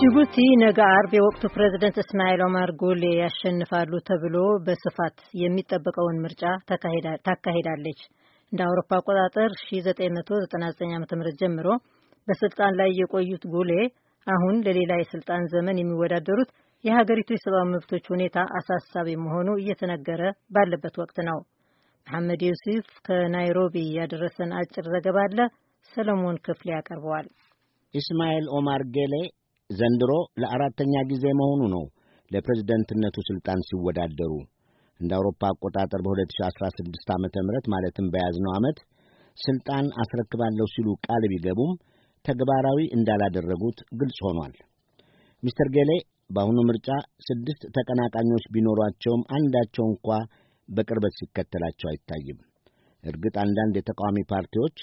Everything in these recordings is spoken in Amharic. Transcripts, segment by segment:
ጅቡቲ ነገ አርብ የወቅቱ ፕሬዝደንት እስማኤል ኦማር ጎሌ ያሸንፋሉ ተብሎ በስፋት የሚጠበቀውን ምርጫ ታካሂዳለች። እንደ አውሮፓ አቆጣጠር 1999 ዓ ም ጀምሮ በስልጣን ላይ የቆዩት ጎሌ አሁን ለሌላ የስልጣን ዘመን የሚወዳደሩት የሀገሪቱ የሰብአዊ መብቶች ሁኔታ አሳሳቢ መሆኑ እየተነገረ ባለበት ወቅት ነው። መሐመድ ዩሱፍ ከናይሮቢ ያደረሰን አጭር ዘገባ አለ። ሰለሞን ክፍሌ ያቀርበዋል። ኢስማኤል ኦማር ጌሌ ዘንድሮ ለአራተኛ ጊዜ መሆኑ ነው ለፕሬዝደንትነቱ ሥልጣን ሲወዳደሩ እንደ አውሮፓ አቆጣጠር በ2016 ዓ ም ማለትም በያዝነው ዓመት ሥልጣን አስረክባለሁ ሲሉ ቃል ቢገቡም ተግባራዊ እንዳላደረጉት ግልጽ ሆኗል። ሚስተር ጌሌ በአሁኑ ምርጫ ስድስት ተቀናቃኞች ቢኖሯቸውም አንዳቸው እንኳ በቅርበት ሲከተላቸው አይታይም። እርግጥ አንዳንድ የተቃዋሚ ፓርቲዎች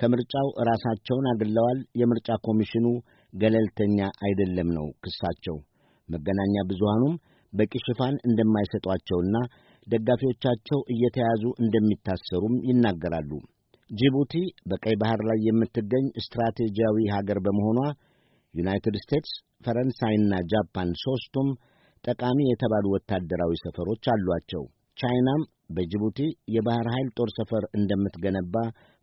ከምርጫው ራሳቸውን አግለዋል፣ የምርጫ ኮሚሽኑ ገለልተኛ አይደለም ነው ክሳቸው። መገናኛ ብዙሃኑም በቂ ሽፋን እንደማይሰጧቸውና ደጋፊዎቻቸው እየተያዙ እንደሚታሰሩም ይናገራሉ። ጅቡቲ በቀይ ባሕር ላይ የምትገኝ ስትራቴጂያዊ ሀገር በመሆኗ ዩናይትድ ስቴትስ፣ ፈረንሳይና ጃፓን ሦስቱም ጠቃሚ የተባሉ ወታደራዊ ሰፈሮች አሏቸው። ቻይናም በጅቡቲ የባሕር ኃይል ጦር ሰፈር እንደምትገነባ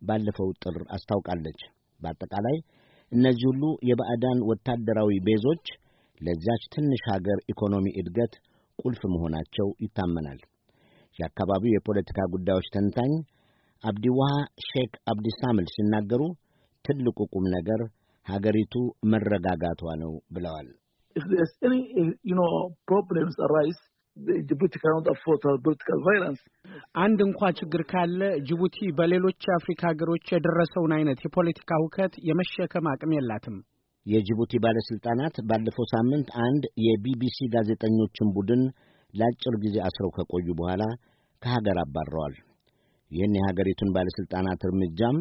ባለፈው ጥር አስታውቃለች። በአጠቃላይ እነዚህ ሁሉ የባዕዳን ወታደራዊ ቤዞች ለዚያች ትንሽ ሀገር ኢኮኖሚ እድገት ቁልፍ መሆናቸው ይታመናል። የአካባቢው የፖለቲካ ጉዳዮች ተንታኝ አብዲዋሃ ሼክ አብዲሳምል ሲናገሩ ትልቁ ቁም ነገር ሀገሪቱ መረጋጋቷ ነው ብለዋል። ፖለቲካል ቫይለንስ አንድ እንኳ ችግር ካለ ጅቡቲ በሌሎች የአፍሪካ ሀገሮች የደረሰውን አይነት የፖለቲካ ሁከት የመሸከም አቅም የላትም። የጅቡቲ ባለሥልጣናት ባለፈው ሳምንት አንድ የቢቢሲ ጋዜጠኞችን ቡድን ለአጭር ጊዜ አስረው ከቆዩ በኋላ ከሀገር አባረዋል። ይህን የሀገሪቱን ባለሥልጣናት እርምጃም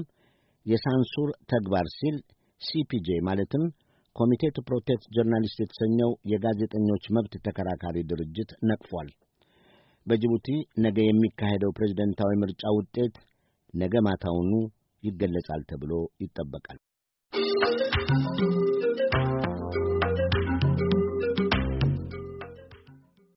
የሳንሱር ተግባር ሲል ሲፒጄ ማለትም ኮሚቴ ቱ ፕሮቴክት ጆርናሊስት የተሰኘው የጋዜጠኞች መብት ተከራካሪ ድርጅት ነቅፏል። በጅቡቲ ነገ የሚካሄደው ፕሬዝደንታዊ ምርጫ ውጤት ነገ ማታውኑ ይገለጻል ተብሎ ይጠበቃል።